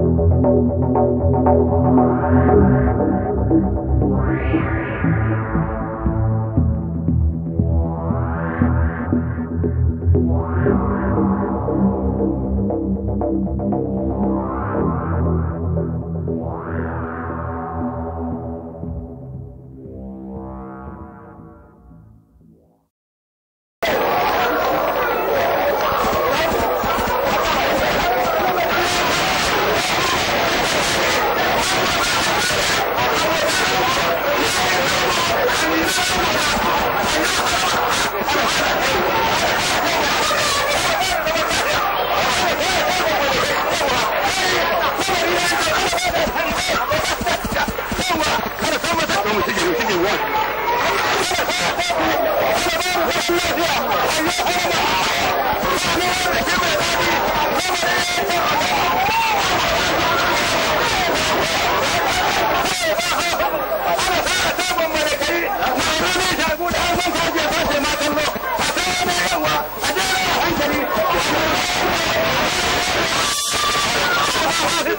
Thank you.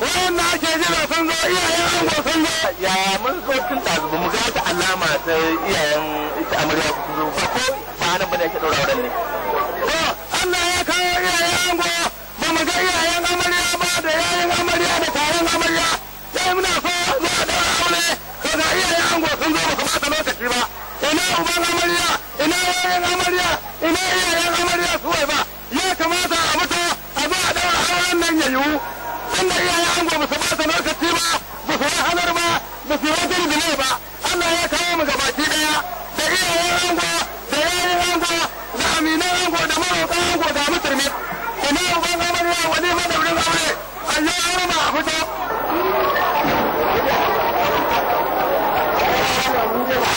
wanda ake jira sun zo iyayen ango sun zo yaya mun zo tun da ba mu ga wata alama ta iyayen ita amarya ba ko ba nan ba da ake daura wurin ne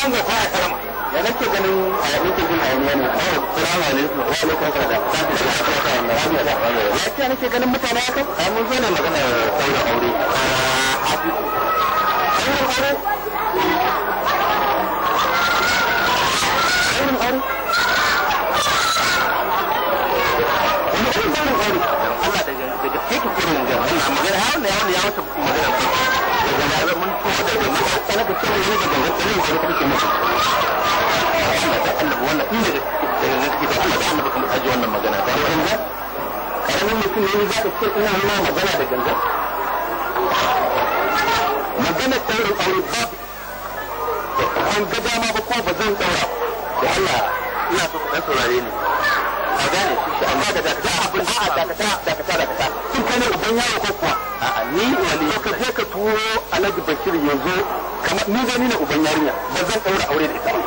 an ga kwaya karama ya nake ganin a nake jin hayaniya ne oh salamu alaikum wa alaikum salam ta ce ta ce ta ya ce nake ganin mutane haka a mun zo ne magana saura aure a aure aure Allah wannan magana ya wata magana وكده الجمهور حتى انا كنت شايف الجمهور كان بيتكلم وكان بيتكلم الجمهور احنا تقلب ولا كل الرزق بتاعنا احنا بكم اجي ولا مجانا ده وين ده انا ممكن يقول لي بقى كتير انها هنا مجانا ده جنبها مجانا التاير الاوروبي كان كده ما بقوه بزن تورا يلا لا تبقى تورا ليه gane amma da da abin da da dakata da sun kai ne uban yawo ko kuwa a'a ni wani ka je ka turo Alhaji Bashir ya kamar ni zani ne uban yarinya ba zan daura aure da ita ba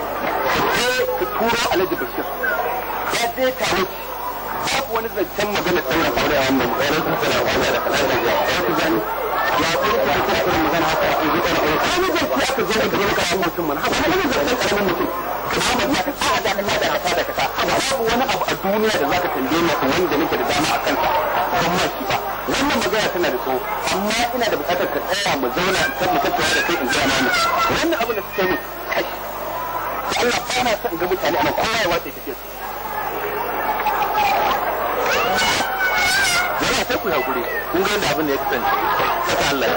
sai ka turo Alhaji Bashir ya je ta wuce babu wani zancen magana da aure a wannan magana da kana wani da kana da ya ya ko da kana magana haka ya zo kana aure ni zan ci aka zo da kana mutum mana haka ne zan kana mutum Muhammad ya ka da min da rasa da kasa babu wani abu a duniya da zaka tambaye ni wanda nake da dama a kansa kan maki ba wannan magana tana da tsawo amma ina da bukatar ka tsaya mu zauna kan mu tattauna da kai in gana mu wannan abu da suke yi kai Allah ba na son ga mutane amma kowa ya wace tafiyar yana ta ku hakuri kun ga abin da ya kasance saka Allah ya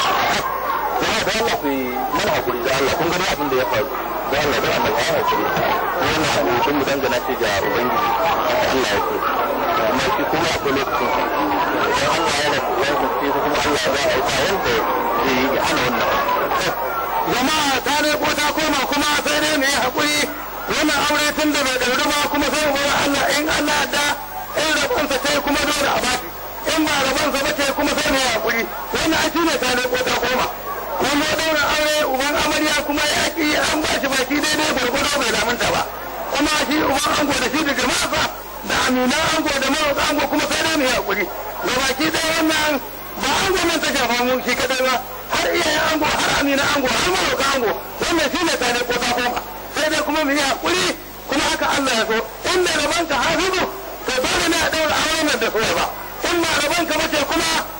yana da Allah ku yi mana hakuri da Allah kun gani abin da ya faru da Allah da Allah ya hakuri yana abokin mu dangana shi ga ubangiji Allah ya ce amma shi kuma akwai lokacin Allah yana da kuma Allah ya ba a zai yi ana wannan jama'a ta ko ta koma kuma sai dai mu yi haƙuri wannan aure tun da bai ɗauri ba kuma sai mu Allah in Allah da in rabonsa yi kuma dole a baki in ba rabonsa ba ce kuma sai mu yi wannan an ne sanar ko ta koma kuma daura aure uban amarya kuma ya ki an ba shi baki daidai gwargwado bai damunta ba kuma shi uban ango da shi da jama'a da amina ango da maroƙa ango kuma sai dai mu yi hakuri ga baki ɗaya wannan ba ango nan ta shafa mu shi kadai ba har iyayen ango har amina ango har maroƙa ango wannan shine sanar ko kota koma sai dai kuma mai yi hakuri kuma haka Allah ya so inda rabanta hafizu to dole ne a daura aure nan da soyayya ba in ba rabanka mace kuma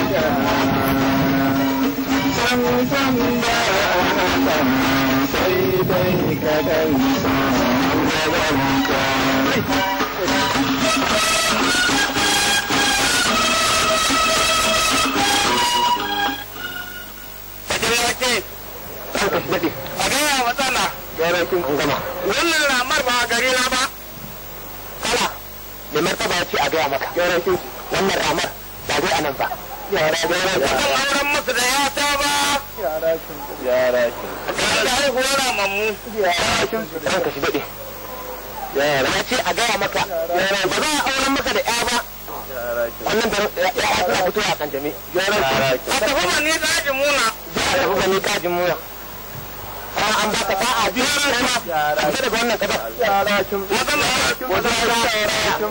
san da hakan A gaya matsala. Gyaran Wannan ramar ba gari na ba. Kala. Da martaba ce a gaya maka. wannan ramar ba dai a nan ba. Akan auren musu da yata ba. Yara kin. Yara kin. Akan Yara kin. shi Yara. Na ce a gaya maka. Yara. Ba za a auren maka da ba. Wannan da ya suna a kan jami. Yara kin. kajin muna. kajin muna. Allah an baka sa'a biyu rana ka daga wannan kaba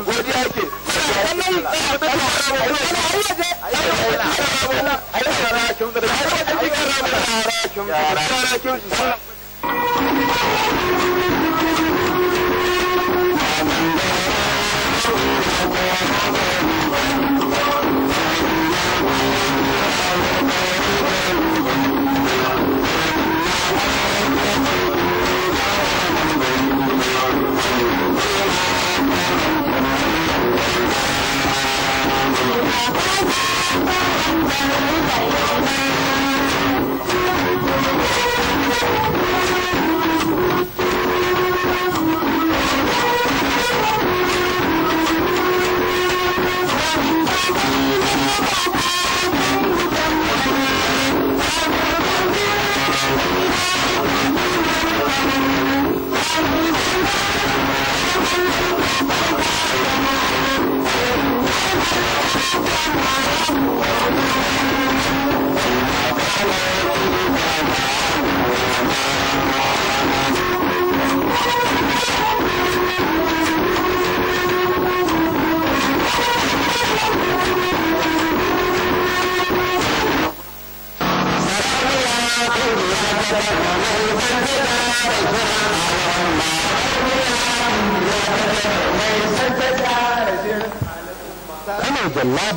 godiya ke Thank you.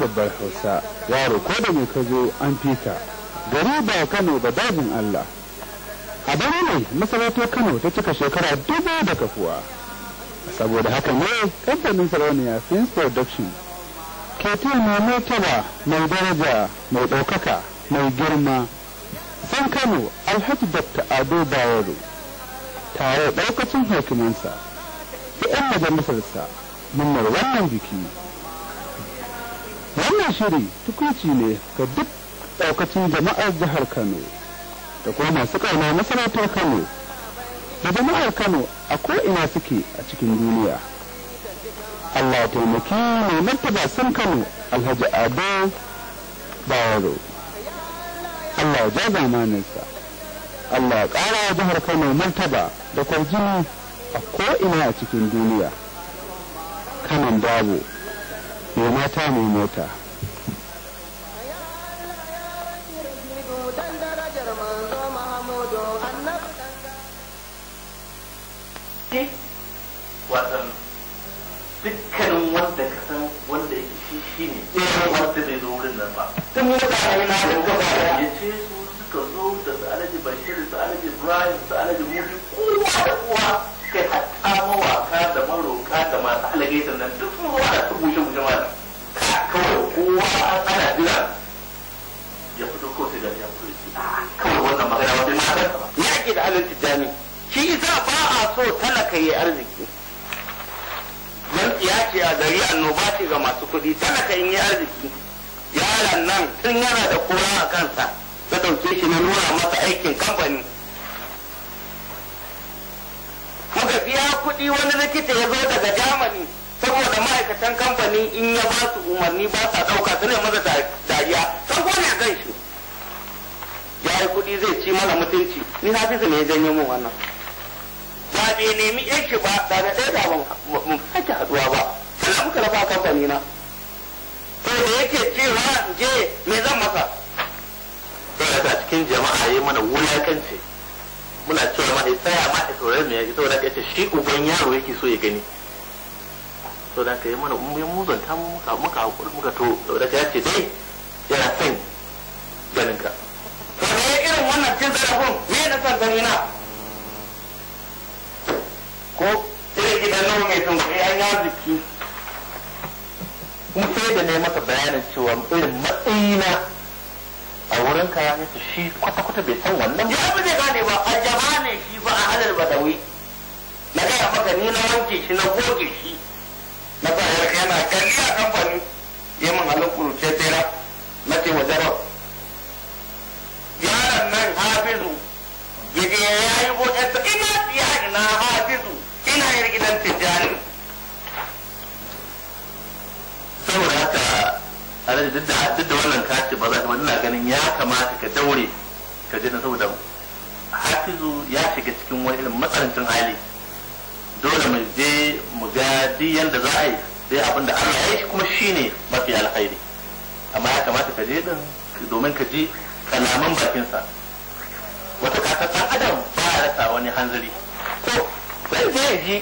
babbar hausa yaro ko da mai ka zo an fita gari ba kano da dajin allah a bana ne masarautar kano ta cika shekara dubu da kafuwa saboda haka ne kamfanin sarauniya films production ke mai martaba mai daraja mai ɗaukaka mai girma san kano alhaji dr ado bayero tare ɗaukacin hakimansa da 'yan majalisarsa nummar wannan biki wannan shiri tukunci ne ga duk daukacin jama'ar jihar kano da kuma masu ƙauna masarautar kano da jama'ar kano a ko'ina suke a cikin duniya allah taimaki mai martaba sun kano alhaji ado bayero allah ja zamaninsa allah ya jihar kano martaba da kwarjini a ko'ina a cikin duniya kanan babu mai mata mai mota watan dukkanin wanda ka san wanda yake shi shi ne ɗaya wanda bai zo wurin nan ba tun yi da ayi na da gaba ya ce su suka zo da su alaji bashir su alaji ibrahim su alaji mutu kowa da kowa kai hatta mawaka da maroka da masu alagaitan nan duk sun zo karami shi za ba a so talaka yi arziki don ce a gari annoba ce ga masu kuɗi talaka in yi arziki yaran nan tun yana da kura a kansa ta ɗauke shi na nuna masa aikin kamfani muka biya kuɗi wani likita ya zo daga jamani saboda ma'aikatan kamfani in ya ba su umarni ba sa ɗauka su ne maza dariya saboda ya gan shi ya yi kuɗi zai ci mana mutunci ni hafizu ne ya janyo min wannan ba bai nemi yanki ba da na ɗaya da mun sake haɗuwa ba sai muka rafa kamfani na to da yake cewa je me zan masa sai da ta cikin jama'a yi mana wulakanci muna cewa ma ya tsaya ma ya saurari me yake saboda yace shi uban yaro yake so ya gani to da kai mana mun muzanta ta muka muka hakuri muka to da yace dai yana son ganin ka me irin wannan cin zarafin me na son gani na ko irin gidan nawa mai tunkuyi an ya jiki kun sai da ne masa bayanin cewa irin matsayina a wurin ka ya ce shi kwata-kwata bai san wannan ba. ya fi zai gane ba a jama ne shi ba a halar badawi na gaya maka ni na wanke shi na goge shi na bayar yana kalli a kamfani ya min halin kuruce tsira na ce wa jarabar hafizu gige ya yi bukata ina ya na hafizu ina yi gidan tijjani saboda haka a da duk da wannan kati ba za ka ina ganin ya kamata ka daure ka jina saboda hafizu ya shiga cikin wani irin matsalancin hali dole mu je mu ga duk yanda za a yi sai abin da Allah ya yi kuma shine mafi alkhairi amma ya kamata ka je din domin ka ji kalaman bakinsa ka san adam ba ya rasa wani hanzari to sai sai ji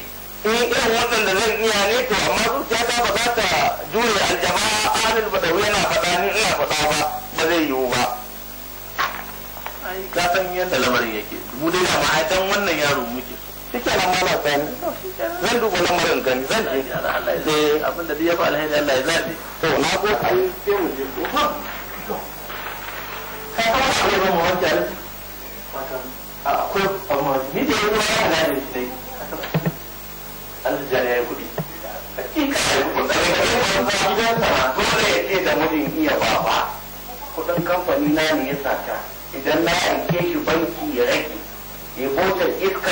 in irin waɗanda zan iya ne to amma zuciyata ba za ta jure aljama'a ahlul badawi yana faɗa ni ina faɗa ba ba zai yiwu ba ka san yadda lamarin yake mu dai da ma'aikatan wannan yaro muke shike nan mala sani zan duba lamarin gani zan je eh abin da ya fa alheri Allah ya zabe to na go ai sai mu je ko ha ka fara da mu wanke watan ko amma ni da yawa ya hana ne shi ne ya yi kuɗi hakika ya kuɗi da ya kai wanda gidansa na da ya ce da mijin iya baba kuɗin kamfani na ne ya sata idan na aike shi banki ya rage ya bota iska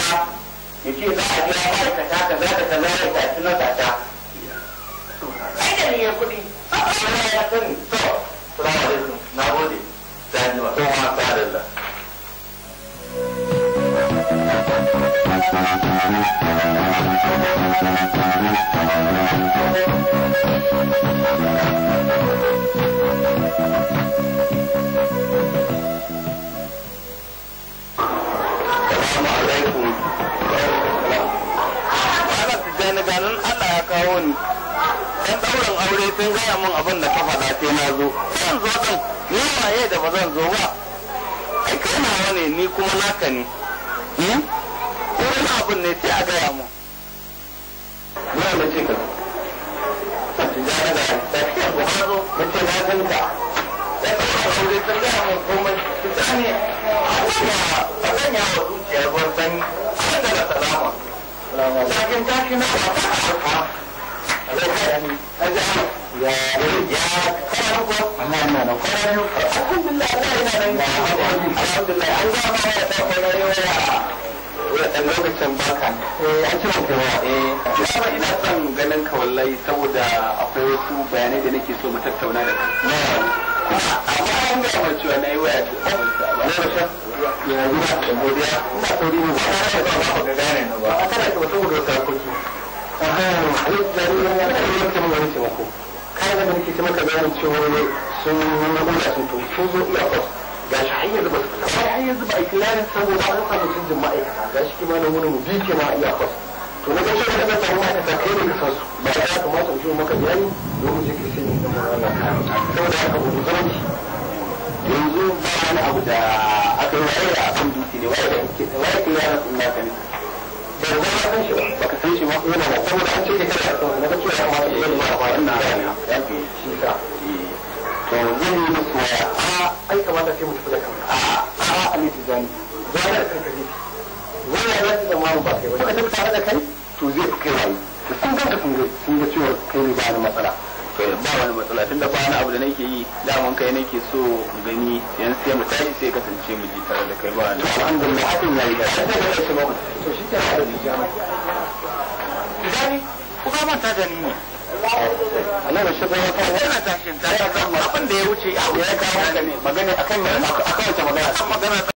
ya ce za a biya ma'aikata kaza da kaza ya tafi na sata ai da ne ya kuɗi saboda ya sani to salamu alaikum na gode da yi ba to ma da ganin ya kawo ni ɗan ɗaurin aure sun gaya min abin da ka faɗa sai na zo zan zo ɗin ni waye da ba zan zo ba ai nawa ne ni kuma naka ne abin ne sai a gaya mu muna da cikin tijjani da tafiya ku hazo da ce na zanta da kawai aure sun gaya mu komai tijjani a sanya wa zuciyar ruwan sanyi a daga salama lakin tashi na ba ta hauka a zai kaya ni a jihar ya ya kana ko Allah na na kana ni alhamdulillah Allah ina nan alhamdulillah an ga ya ta fara yawa ɗan lokacin baka eh an kewa eh kuma ina son ganin ka wallahi saboda akwai wasu bayanai da nake so mu tattauna da kai a da mu cewa nayi waya ta ba ne ya zuwa da godiya ina sauri mu ba ba gane na ba kana wata ta ya yi da nake cewa sun sun iya hanyar da ba su ai yanzu ba ikirarin saboda an samu canjin ma'aikata ga shi na wani mu biyu kenan a iya kwas to na gashi da zaka samu ma'aikata kai ne ka su ba ya kamata mu maka bayani domin je kai sai ne da wannan saboda haka mu zuwanci yanzu ba wani abu da aka yi waye a kan duki ne waye da ake waye ke yana sun naka ne ba ba ka san shi ba baka san shi ba yana da saboda an ce ke kada to na gashi ya kamata ya yi ba ba ina ya ke shi sa to zan yi musu waya a ai kamata sai mu tafi da kanka ma a mita zani zanar kan ka zai wani ya zai zama ba kai wani wanda tare da kai to zai fi kai yayi da sun ganta sun ga sun ga cewa kai ne ba wani matsala to ba wani matsala tunda ba wani abu da nake yi daman kai nake so gani yan sai mu tashi sai kasance mu ji tare da kai ba wani alhamdulillah hakan yayi da sai da shi ba to shi ta da ni ya mai ku ta manta ne annabi shi ya kawo yana tashin tashin abin da ya wuce ya kawo magana akan magana akan magana